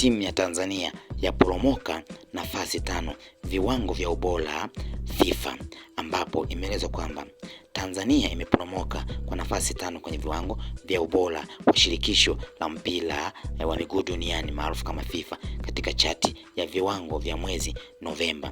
timu ya Tanzania yaporomoka nafasi tano viwango vya ubora FIFA, ambapo imeelezwa kwamba Tanzania imeporomoka kwa nafasi tano kwenye viwango vya ubora wa shirikisho la mpira eh, wa miguu duniani maarufu kama FIFA katika chati ya viwango vya mwezi Novemba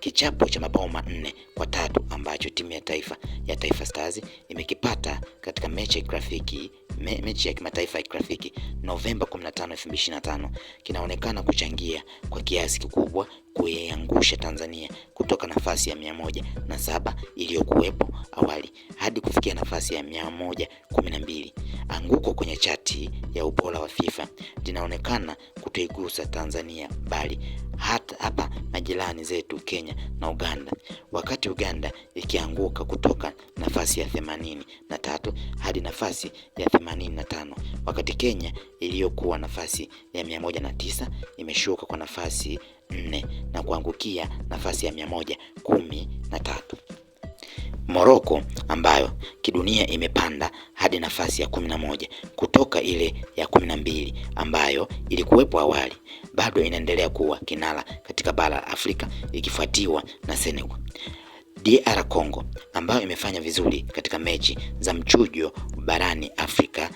kichapo cha mabao manne kwa tatu ambacho timu ya taifa ya Taifa Stars imekipata katika mechi ya kirafiki me, mechi ya kimataifa ya kirafiki Novemba 15, 2025 kinaonekana kuchangia kwa kiasi kikubwa kuiangusha Tanzania kutoka nafasi ya mia moja na saba iliyokuwepo awali hadi kufikia nafasi ya mia moja kumi na mbili. Anguko kwenye chati ya ubora wa FIFA linaonekana kutoigusa Tanzania bali hata hapa jirani zetu Kenya na Uganda, wakati Uganda ikianguka kutoka nafasi ya themanini na tatu hadi nafasi ya themanini na tano wakati Kenya iliyokuwa nafasi ya mia moja na tisa imeshuka kwa nafasi nne na kuangukia nafasi ya mia moja kumi na tatu. Morocco ambayo kidunia imepanda hadi nafasi ya kumi na moja kutoka ile ya kumi na mbili ambayo ilikuwepo awali, bado inaendelea kuwa kinara katika bara la Afrika ikifuatiwa na Senegal. DR Congo ambayo imefanya vizuri katika mechi za mchujo barani Afrika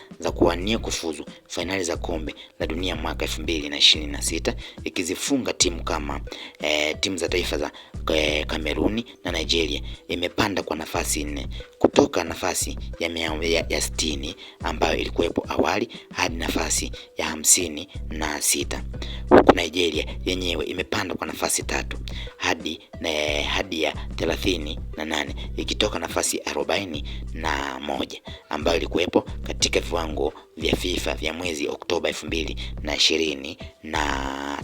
kuwania kufuzu fainali za kombe la dunia mwaka 2026 ikizifunga timu kama e, timu za taifa za eh, Kameruni na Nigeria, imepanda kwa nafasi nne kutoka nafasi ya mia ya sitini ambayo ilikuwepo awali hadi nafasi ya hamsini na sita huku Nigeria yenyewe imepanda kwa nafasi tatu hadi ya 38 ikitoka nafasi 41 ambayo ilikuwepo katika viwango vya FIFA vya mwezi Oktoba 2025.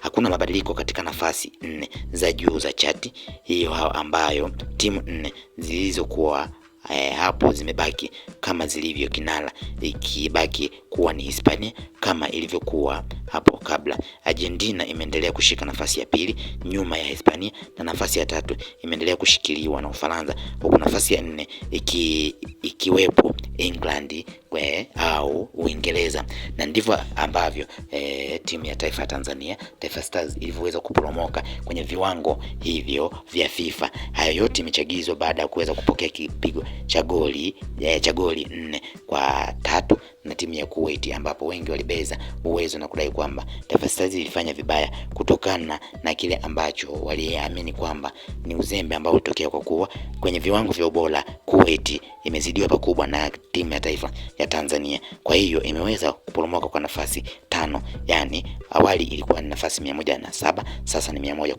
Hakuna mabadiliko katika nafasi nne za juu za chati hiyo, ambayo timu nne zilizokuwa eh, hapo zimebaki kama zilivyo kinara, ikibaki kuwa ni Hispania kama ilivyokuwa hapo kabla. Argentina imeendelea kushika nafasi ya pili nyuma ya Hispania, na nafasi ya tatu imeendelea kushikiliwa na Ufaransa, huku nafasi ya nne iki, ikiwepo England kwe, au Uingereza, na ndivyo ambavyo e, timu ya taifa ya Tanzania Taifa Stars ilivyoweza kuporomoka kwenye viwango hivyo vya FIFA. Hayo yote imechagizwa baada ya kuweza kupokea kipigo cha goli eh, cha goli nne kwa tatu na timu ya Kuwait ambapo wengi walibeza uwezo na kudai kwamba Taifa Stars ilifanya vibaya kutokana na kile ambacho waliamini kwamba ni uzembe ambao ulitokea kwa kuwa kwenye viwango vya ubora Kuwait imezidiwa pakubwa na timu ya taifa ya Tanzania. Kwa hiyo imeweza kuporomoka kwa nafasi tano, yani awali ilikuwa ni nafasi mia moja na saba sasa ni mia moja kumi